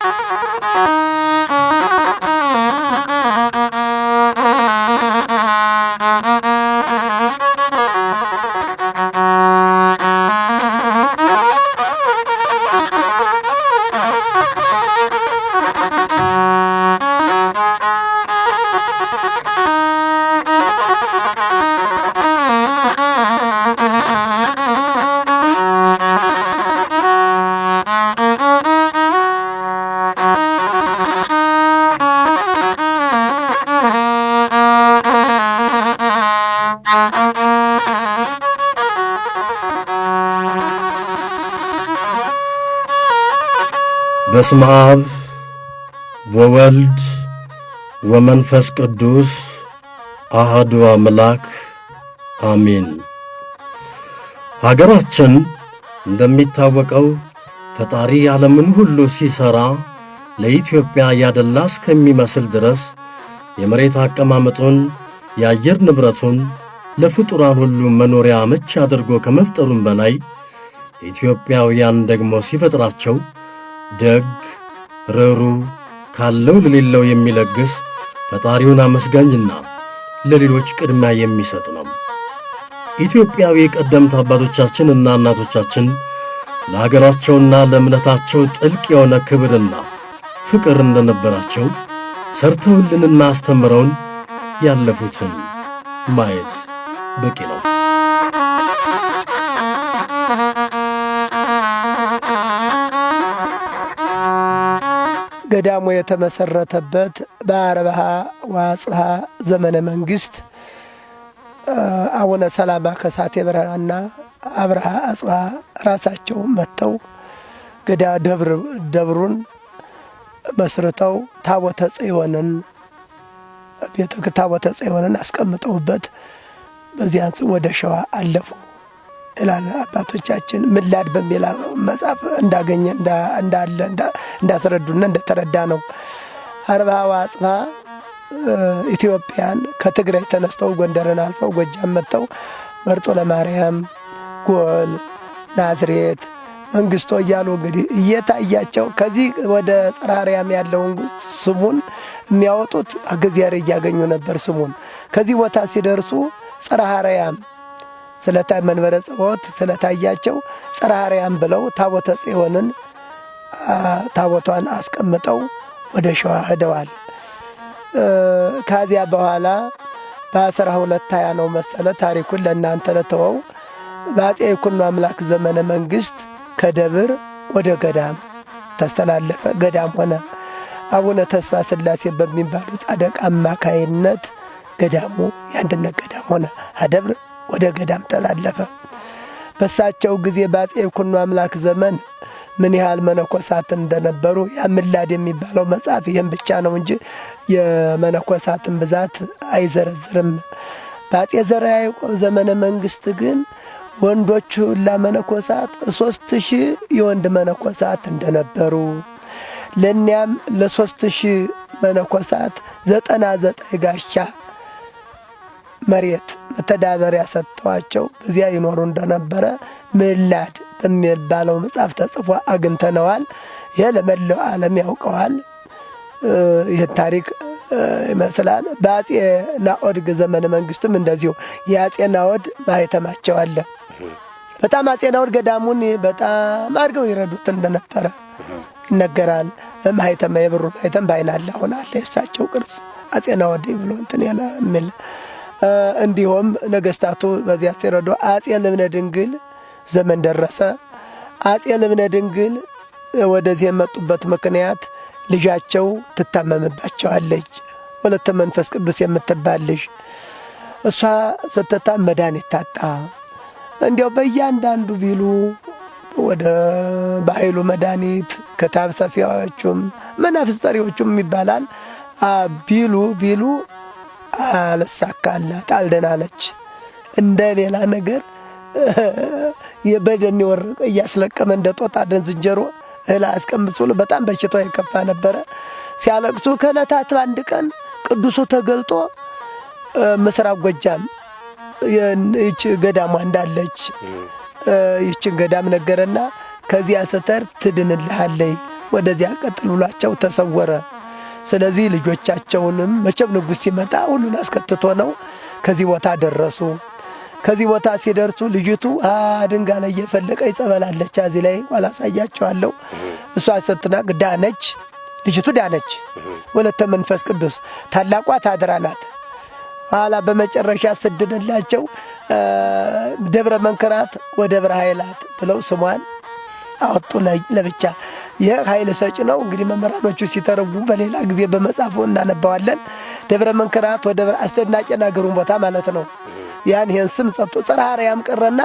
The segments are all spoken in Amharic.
Thank you. በስመ አብ ወወልድ ወመንፈስ ቅዱስ አህዱ አምላክ አሜን። ሀገራችን እንደሚታወቀው ፈጣሪ ዓለምን ሁሉ ሲሠራ ለኢትዮጵያ ያደላ እስከሚመስል ድረስ የመሬት አቀማመጡን የአየር ንብረቱን ለፍጡራን ሁሉ መኖሪያ ምቹ አድርጎ ከመፍጠሩም በላይ ኢትዮጵያውያን ደግሞ ሲፈጥራቸው ደግ፣ ርሩ ካለው ለሌለው የሚለግስ ፈጣሪውን አመስጋኝና ለሌሎች ቅድሚያ የሚሰጥ ነው። ኢትዮጵያዊ የቀደምት አባቶቻችንና እናቶቻችን ለአገራቸውና ለእምነታቸው ጥልቅ የሆነ ክብርና ፍቅር እንደነበራቸው ሰርተውልንና አስተምረውን ያለፉትን ማየት በቂ ነው። ገዳሙ የተመሰረተበት በአርብሃ ወአጽብሃ ዘመነ መንግስት አቡነ ሰላማ ከሳቴ ብርሃና አብርሃ አጽባ ራሳቸው መጥተው ገዳ ደብሩን መስርተው ታቦተ ጽዮንን ቤተ ታቦተ ጽዮንን አስቀምጠውበት በዚያን ወደ ሸዋ አለፉ። ይላል አባቶቻችን። ምላድ በሚል መጽሐፍ እንዳገኘ እንዳለ እንዳስረዱና እንደተረዳ ነው። አርባ ዋጽፋ ኢትዮጵያን ከትግራይ ተነስተው ጎንደርን አልፈው ጎጃም መጥተው መርጦ ለማርያም ጎል ናዝሬት መንግስቶ እያሉ እንግዲህ እየታያቸው ከዚህ ወደ ጸራሪያም ያለውን ስሙን የሚያወጡት እግዚአብሔር እያገኙ ነበር። ስሙን ከዚህ ቦታ ሲደርሱ ጸራሪያም ስለታ መንበረ ጸባዖት ስለታያቸው ጽርሐ አርያም ብለው ታቦተ ጽዮንን ታቦቷን አስቀምጠው ወደ ሸዋ ሄደዋል። ከዚያ በኋላ በአስራ ሁለት ሀያ ነው መሰለ ታሪኩን ለእናንተ ለተወው። በአፄ ይኩኖ አምላክ ዘመነ መንግስት ከደብር ወደ ገዳም ተስተላለፈ፣ ገዳም ሆነ። አቡነ ተስፋ ስላሴ በሚባሉ ጻደቅ አማካይነት ገዳሙ የአንድነት ገዳም ሆነ አደብር ወደ ገዳም ተላለፈ። በሳቸው ጊዜ በአጼ ይኩኖ አምላክ ዘመን ምን ያህል መነኮሳት እንደነበሩ ያምላድ የሚባለው መጽሐፍ ይህም ብቻ ነው እንጂ የመነኮሳትን ብዛት አይዘረዝርም። በአጼ ዘርዓ ያዕቆብ ዘመነ መንግስት ግን ወንዶቹ ሁላ መነኮሳት ሶስት ሺህ የወንድ መነኮሳት እንደነበሩ ለእኒያም ለሶስት ሺህ መነኮሳት ዘጠና ዘጠኝ ጋሻ መሬት መተዳደሪያ ሰጥተዋቸው በዚያ ይኖሩ እንደነበረ ምላድ በሚባለው መጽሐፍ ተጽፎ አግኝተነዋል። ይህ ለመላው ዓለም ያውቀዋል። ይህ ታሪክ ይመስላል። በአጼ ናኦድ ዘመነ መንግስትም እንደዚሁ የአጼ ናኦድ ማህተማቸው አለ። በጣም አጼ ናኦድ ገዳሙን በጣም አድርገው ይረዱት እንደነበረ ይነገራል። ማህተም የብሩ ማህተም ባይናላ ሆናለ የእሳቸው ቅርጽ አጼ ናኦድ ብሎ እንትን ያለ የሚል እንዲሁም ነገስታቱ በዚያ ሲረዱ አጼ ልብነ ድንግል ዘመን ደረሰ። አጼ ልብነ ድንግል ወደዚህ የመጡበት ምክንያት ልጃቸው ትታመምባቸዋለች። ወለተ መንፈስ ቅዱስ የምትባል ልጅ እሷ ስትታም መድኃኒት ታጣ። እንዲያው በእያንዳንዱ ቢሉ ወደ በኃይሉ መድኃኒት ክታብ ሰፊዎቹም መናፍስት ጠሪዎቹም ይባላል ቢሉ ቢሉ አለሳካላት አልደናለች። እንደ ሌላ ነገር የበደን ወረቀ እያስለቀመ እንደ ጦጣ ደን ዝንጀሮ እህል አያስቀምጽሉ። በጣም በሽታ የከፋ ነበረ። ሲያለቅሱ ከዕለታት አንድ ቀን ቅዱሱ ተገልጦ ምስራቅ ጎጃም ይች ገዳሟ እንዳለች ይችን ገዳም ነገረና ከዚያ ሰተር ትድንልሃለይ ወደዚያ ቀጥል ብሏቸው ተሰወረ። ስለዚህ ልጆቻቸውንም መቼም ንጉሥ ሲመጣ ሁሉን አስከትቶ ነው ከዚህ ቦታ ደረሱ። ከዚህ ቦታ ሲደርሱ ልጅቱ አድንጋ ላይ እየፈለቀ ይጸበላለች። እዚህ ላይ ኋላ እሷ ስትናቅ ዳነች፣ ልጅቱ ዳነች። ወለተ መንፈስ ቅዱስ ታላቋ ታድራ ናት። ኋላ በመጨረሻ ስድንላቸው ደብረ መንክራት ወደብረ ኃይላት ብለው ስሟን አወጡ ለብቻ። ይህ ኃይል ሰጭ ነው። እንግዲህ መምህራኖቹ ሲተረጉ በሌላ ጊዜ በመጽሐፉ እናነባዋለን። ደብረ መንክራት ወደብረ አስደናቂ ግሩም ቦታ ማለት ነው። ያን ይህን ስም ጸጡ ጽርሐ አርያም ቀረና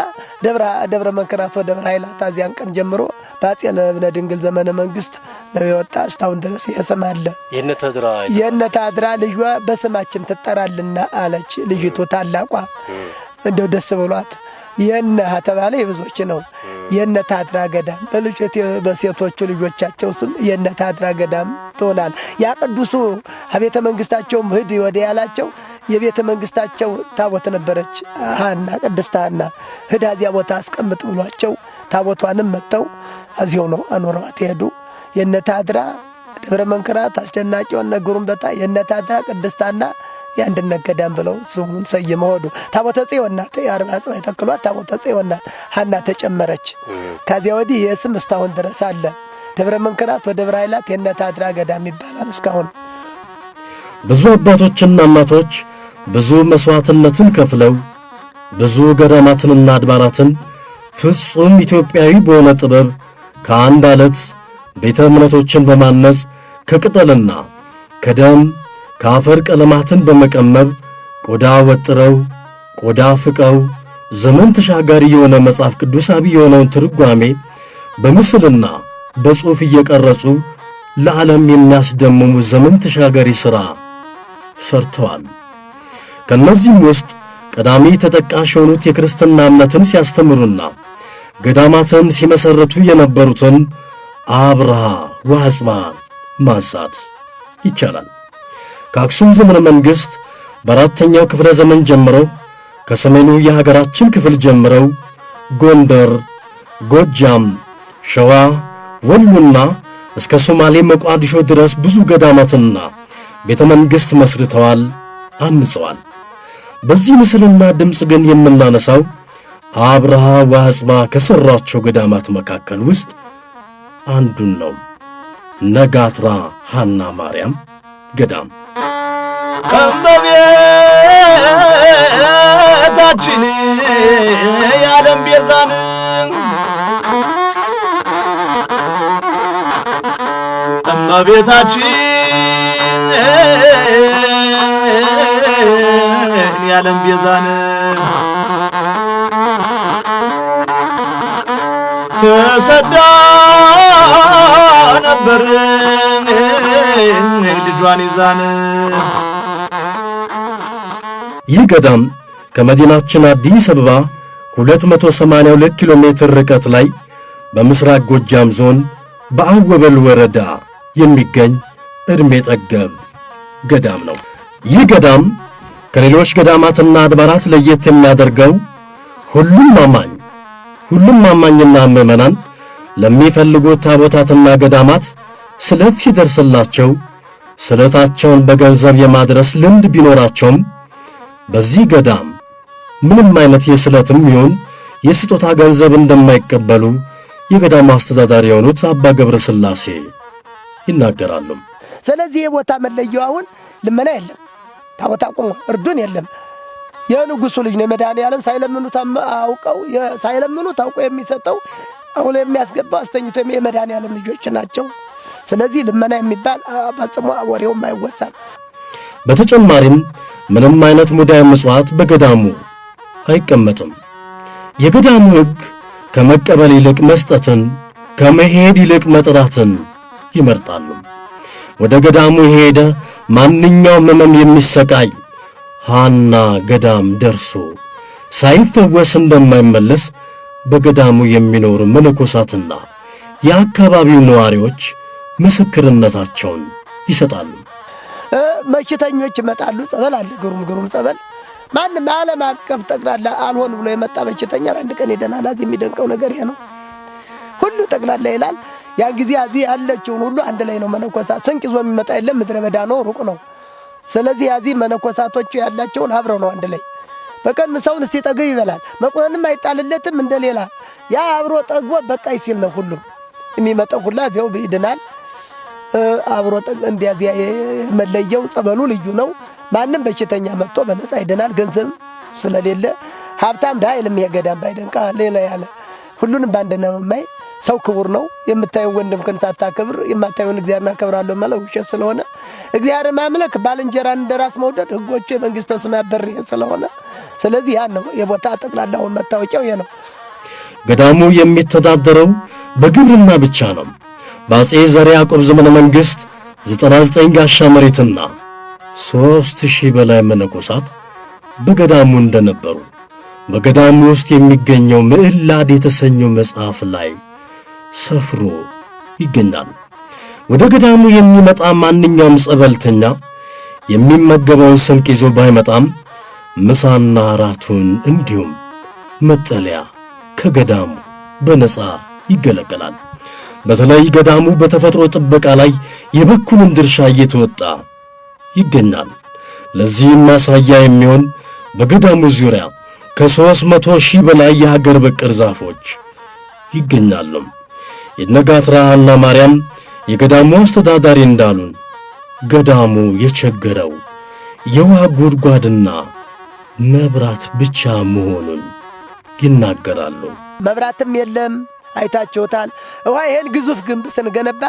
ደብረ መንክራት ወደብረ ኃይላት ዚያን ቀን ጀምሮ በአጼ ልብነ ድንግል ዘመነ መንግስት ነው የወጣ። እስካሁን ድረስ ይህ ስም አለ። የእነ ታድራ ልጇ በስማችን ትጠራልና አለች ልጅቱ ታላቋ እንደው ደስ ብሏት የነ ተባለ የብዙዎች ነው። የነ ታድራ ገዳም በልጆች በሴቶቹ ልጆቻቸው ስም የነ ታድራ ገዳም ትሆናል። ያ ቅዱሱ ቤተ መንግስታቸውም ሂድ ወደ ያላቸው የቤተ መንግስታቸው ታቦት ነበረች ሀና ቅድስት ሀና ሂድ እዚያ ቦታ አስቀምጥ ብሏቸው ታቦቷንም መጥተው እዚሁ ነው አኖረዋት ሄዱ። የነ ታድራ ደብረ መንክራት አስደናቂውን ነግሩን በታ የነ ታድራ ቅድስት ሀና የአንድነት ገዳም ብለው ስሙን ሰይመው ሆዱ ታቦተ ጽዮን ናት። የአርባ ጽባይ ተክሏት ታቦተ ጽዮን ናት ሀና ተጨመረች። ከዚያ ወዲህ የስም እስካሁን ድረስ አለ። ደብረ መንክራት ወደብረ ኃይላት የነት አድራ ገዳም ይባላል። እስካሁን ብዙ አባቶችና እናቶች ብዙ መሥዋዕትነትን ከፍለው ብዙ ገዳማትንና አድባራትን ፍጹም ኢትዮጵያዊ በሆነ ጥበብ ከአንድ አለት ቤተ እምነቶችን በማነጽ ከቅጠልና ከደም ከአፈር ቀለማትን በመቀመብ ቆዳ ወጥረው ቆዳ ፍቀው ዘመን ተሻጋሪ የሆነ መጽሐፍ ቅዱሳዊ የሆነውን ትርጓሜ በምስልና በጽሑፍ እየቀረጹ ለዓለም የሚያስደምሙ ዘመን ተሻጋሪ ሥራ ሰርተዋል። ከእነዚህም ውስጥ ቀዳሚ ተጠቃሽ የሆኑት የክርስትና እምነትን ሲያስተምሩና ገዳማትን ሲመሠረቱ የነበሩትን አብርሃ ወአጽብሃ ማንሳት ይቻላል። ከአክሱም ዘመነ መንግሥት በአራተኛው ክፍለ ዘመን ጀምሮ ከሰሜኑ የሀገራችን ክፍል ጀምረው ጎንደር፣ ጎጃም፣ ሸዋ፣ ወሎና እስከ ሶማሌ መቋዲሾ ድረስ ብዙ ገዳማትና ቤተ መንግሥት መስርተዋል፣ አንጸዋል። በዚህ ምስልና ድምፅ ግን የምናነሳው አብርሃ ዋዝማ ከሠሯቸው ገዳማት መካከል ውስጥ አንዱን ነው። ነጋትራ ሐና ማርያም ገዳም እመቤታችን የዓለም ቤዛን እመቤታችን የዓለም ቤዛን ተሰዳ ነበር ልጇን ይዛን ይህ ገዳም ከመዲናችን አዲስ አበባ 282 ኪሎ ሜትር ርቀት ላይ በምስራቅ ጎጃም ዞን በአወበል ወረዳ የሚገኝ ዕድሜ ጠገብ ገዳም ነው። ይህ ገዳም ከሌሎች ገዳማትና አድባራት ለየት የሚያደርገው ሁሉም አማኝ ሁሉም አማኝና ምዕመናን ለሚፈልጉት ታቦታትና ገዳማት ስለት ሲደርስላቸው ስለታቸውን በገንዘብ የማድረስ ልምድ ቢኖራቸውም በዚህ ገዳም ምንም አይነት የስለት ይሁን የስጦታ ገንዘብ እንደማይቀበሉ የገዳሙ አስተዳዳሪ የሆኑት አባ ገብረ ስላሴ ይናገራሉ። ስለዚህ የቦታ መለየው አሁን ልመና የለም፣ ታቦታ ቁሞ እርዱን የለም። የንጉሱ ልጅ ነው መድኃኔዓለም ሳይለምኑት አውቀው ሳይለምኑት አውቀው የሚሰጠው አሁን የሚያስገባው አስተኝቶ የመድኃኔዓለም ልጆች ናቸው። ስለዚህ ልመና የሚባል ፈጽሞ ወሬውም አይወሳም። በተጨማሪም ምንም አይነት ሙዳይ መሥዋዕት በገዳሙ አይቀመጥም። የገዳሙ ሕግ ከመቀበል ይልቅ መስጠትን፣ ከመሄድ ይልቅ መጥራትን ይመርጣሉ። ወደ ገዳሙ የሄደ ማንኛውም ሕመም የሚሰቃይ ሃና ገዳም ደርሶ ሳይፈወስ እንደማይመለስ በገዳሙ የሚኖሩ መነኮሳትና የአካባቢው ነዋሪዎች ምስክርነታቸውን ይሰጣሉ። በሽተኞች ይመጣሉ። ጸበል አለ፣ ግሩም ግሩም ጸበል። ማንም ዓለም አቀፍ ጠቅላላ አልሆን ብሎ የመጣ በሽተኛ አንድ ቀን ይድናል። አዚ የሚደንቀው ነገር ይሄ ነው። ሁሉ ጠቅላላ ይላል። ያን ጊዜ አዚ ያለችውን ሁሉ አንድ ላይ ነው መነኮሳ ስንቅ ይዞ የሚመጣ የለም። ምድረ በዳ ነው፣ ሩቅ ነው። ስለዚህ አዚ መነኮሳቶቹ ያላቸውን አብረው ነው አንድ ላይ በቀን ሰውን እስቲ ጠግብ ይበላል። መቁነንም አይጣልለትም እንደሌላ ያ አብሮ ጠግቦ በቃይ ሲል ነው ሁሉም የሚመጣው ሁላ እዚያው ይድናል። አብሮ እንዲያዚያ የመለየው ጸበሉ ልዩ ነው። ማንም በሽተኛ መጥቶ በነጻ ይደናል። ገንዘብ ስለሌለ ሀብታም ድሃ የለም። ይሄ ባይደንቃ ሌላ ያለ ሁሉንም ነው መማይ ሰው ክቡር ነው። የምታየውን ወንድም ክን ሳታከብር የማታየውን እግዚአብሔርን አከብራለሁ ማለት ውሸት ስለሆነ እግዚአብሔር ማምለክ ባልንጀራን እንደ ራስ መውደድ ሕጎቹ የመንግሥተ ሰማያት በር ስለሆነ ስለዚህ ያን ነው የቦታ ጠቅላላውን መታወቂያው ይሄ ነው። ገዳሙ የሚተዳደረው በግብርና ብቻ ነው። በአጼ ዘር ያዕቆብ ዘመነ መንግሥት 99 ጋሻ መሬትና 3000 በላይ መነኮሳት በገዳሙ እንደነበሩ በገዳሙ ውስጥ የሚገኘው ምዕላድ የተሰኘው መጽሐፍ ላይ ሰፍሮ ይገኛል። ወደ ገዳሙ የሚመጣ ማንኛውም ጸበልተኛ የሚመገበውን ስንቅ ይዞ ባይመጣም ምሳና እራቱን እንዲሁም መጠለያ ከገዳሙ በነጻ ይገለገላል። በተለይ ገዳሙ በተፈጥሮ ጥበቃ ላይ የበኩሉን ድርሻ እየተወጣ ይገኛል። ለዚህም ማሳያ የሚሆን በገዳሙ ዙሪያ ከሦስት መቶ ሺህ በላይ የሀገር በቀል ዛፎች ይገኛሉ። የነጋትራ ሐና ማርያም የገዳሙ አስተዳዳሪ እንዳሉን ገዳሙ የቸገረው የውሃ ጉድጓድና መብራት ብቻ መሆኑን ይናገራሉ። መብራትም የለም አይታችሁታል። ውሃ ይሄን ግዙፍ ግንብ ስንገነባ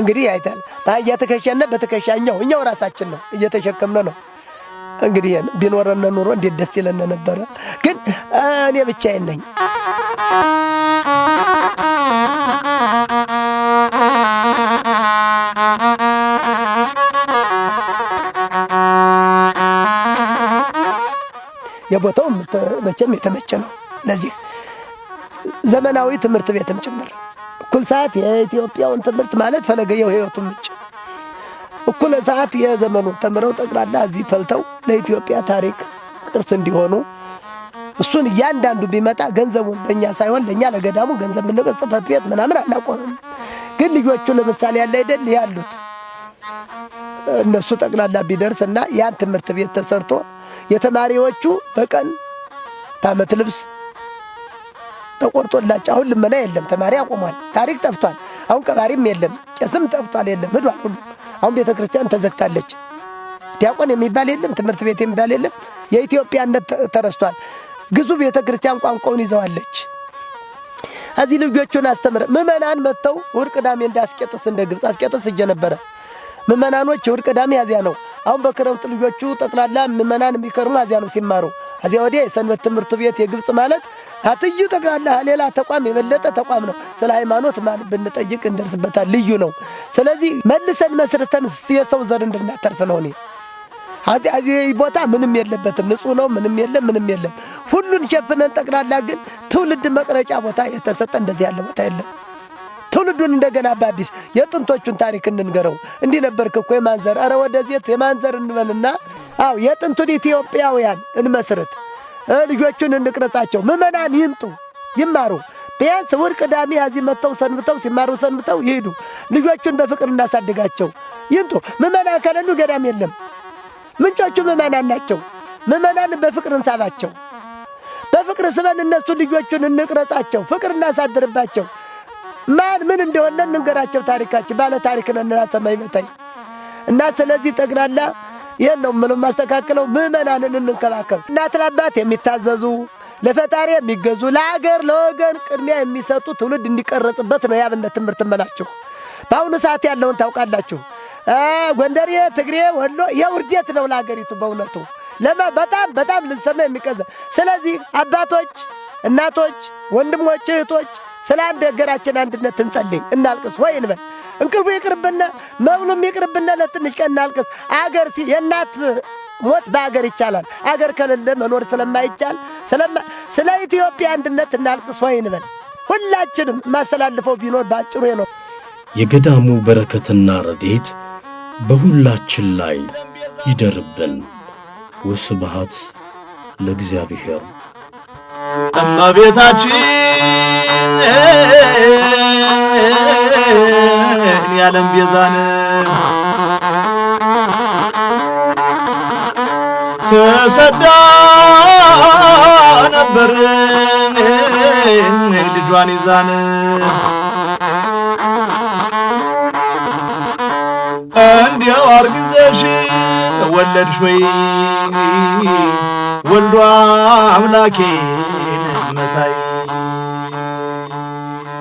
እንግዲህ አይታል በአህያ ትከሻና እኛው ራሳችን ነው እየተሸከምነ ነው። እንግዲህ ይሄን ኑሮ እንዴት ደስ ይለን ነበረ። ግን እኔ ብቻዬን ነኝ። የቦታው መቼም የተመቸ ነው ለዚህ ዘመናዊ ትምህርት ቤትም ጭምር እኩል ሰዓት የኢትዮጵያውን ትምህርት ማለት ፈለገየው የህይወቱ ምንጭ እኩል ሰዓት የዘመኑን ተምረው ጠቅላላ እዚህ ፈልተው ለኢትዮጵያ ታሪክ ቅርስ እንዲሆኑ እሱን እያንዳንዱ ቢመጣ ገንዘቡን በእኛ ሳይሆን ለእኛ ለገዳሙ ገንዘብ ብንቀ ጽፈት ቤት ምናምን አላቆምም። ግን ልጆቹ ለምሳሌ ያለ አይደል ያሉት እነሱ ጠቅላላ እና ያን ትምህርት ቤት ተሰርቶ የተማሪዎቹ በቀን በአመት ልብስ ተቆርጦላቸው አሁን ልመና የለም። ተማሪ አቆሟል። ታሪክ ጠፍቷል። አሁን ቀባሪም የለም፣ ቄስም ጠፍቷል። የለም ሂዷል ሁሉ። አሁን ቤተ ክርስቲያን ተዘግታለች። ዲያቆን የሚባል የለም፣ ትምህርት ቤት የሚባል የለም። የኢትዮጵያነት ተረስቷል። ግዙ ቤተ ክርስቲያን ቋንቋውን ይዘዋለች። እዚህ ልጆቹን አስተምረ ምዕመናን መጥተው እሑድ ቅዳሜ እንደ አስቄጥስ እንደ ግብፅ አስቄጥስ እየነበረ ምእመናኖች እሑድ ቅዳሜ ያዚያ ነው አሁን በክረምት ልጆቹ ጠቅላላ ምእመናን የሚከርሙ አዚያ ነው ሲማሩ። አዚያ ወዲያ የሰንበት ትምህርት ቤት የግብፅ ማለት አትዩ ጠቅላላ ሌላ ተቋም የበለጠ ተቋም ነው። ስለ ሃይማኖት ማን ብንጠይቅ እንደርስበታል። ልዩ ነው። ስለዚህ መልሰን መስርተን የሰው ዘር እንድናተርፍ ነው። እኔ አዚህ ቦታ ምንም የለበትም፣ ንጹህ ነው። ምንም የለም፣ ምንም የለም። ሁሉን ሸፍነን ጠቅላላ ግን ትውልድ መቅረጫ ቦታ የተሰጠ እንደዚህ ያለ ቦታ የለም። ትውልዱን እንደገና በአዲስ የጥንቶቹን ታሪክ እንንገረው። እንዲህ ነበርክ እኮ የማንዘር አረ ወደዚህ የማንዘር እንበልና አዎ የጥንቱን ኢትዮጵያውያን እንመስርት፣ ልጆቹን እንቅረጻቸው። ምዕመናን ይምጡ ይማሩ። ቢያንስ ውድ ቅዳሜ ያዚህ መጥተው ሰንብተው ሲማሩ ሰንብተው ይሄዱ። ልጆቹን በፍቅር እናሳድጋቸው። ይምጡ። ምዕመናን ከሌሉ ገዳም የለም። ምንጮቹ ምዕመናን ናቸው። ምዕመናን በፍቅር እንሳባቸው። በፍቅር ስበን እነሱ ልጆቹን እንቅረጻቸው። ፍቅር እናሳድርባቸው። ማን ምን እንደሆነ እንንገራቸው። ታሪካችን ባለ ታሪክ ነን ሰማይ መታይ እና ስለዚህ ጠቅላላ ይህን ነው ምንም ማስተካከለው። ምዕመናንን እንንከባከብ። እናት ለአባት የሚታዘዙ ለፈጣሪ የሚገዙ ለአገር ለወገን ቅድሚያ የሚሰጡ ትውልድ እንዲቀረጽበት ነው የአብነት ትምህርት መላችሁ። በአሁኑ ሰዓት ያለውን ታውቃላችሁ። ጎንደሬ፣ ትግሬ፣ ወሎ የውርደት ነው ለአገሪቱ በእውነቱ ለማ በጣም በጣም ልንሰማ የሚቀዘ ስለዚህ አባቶች፣ እናቶች፣ ወንድሞች፣ እህቶች ስለ አንድ ሀገራችን አንድነት እንጸልይ፣ እናልቅስ ወይ እንበል። እንቅልፉ ይቅርብና መብሉም ይቅርብና ለትንሽ ቀን እናልቅስ። አገር የእናት ሞት በአገር ይቻላል። አገር ከሌለ መኖር ስለማይቻል ስለ ኢትዮጵያ አንድነት እናልቅስ ወይ እንበል። ሁላችንም ማስተላልፈው ቢኖር ባጭሩ ነው። የገዳሙ በረከትና ረዴት በሁላችን ላይ ይደርብን። ወስብሐት ለእግዚአብሔር። እመቤታችን የዓለም ቤዛን ተሰዳ ነበርን ልጇን ይዛን እንዲያው አርግዘሽ ወለድሽ ወይ ወልዷ አምላኬ as I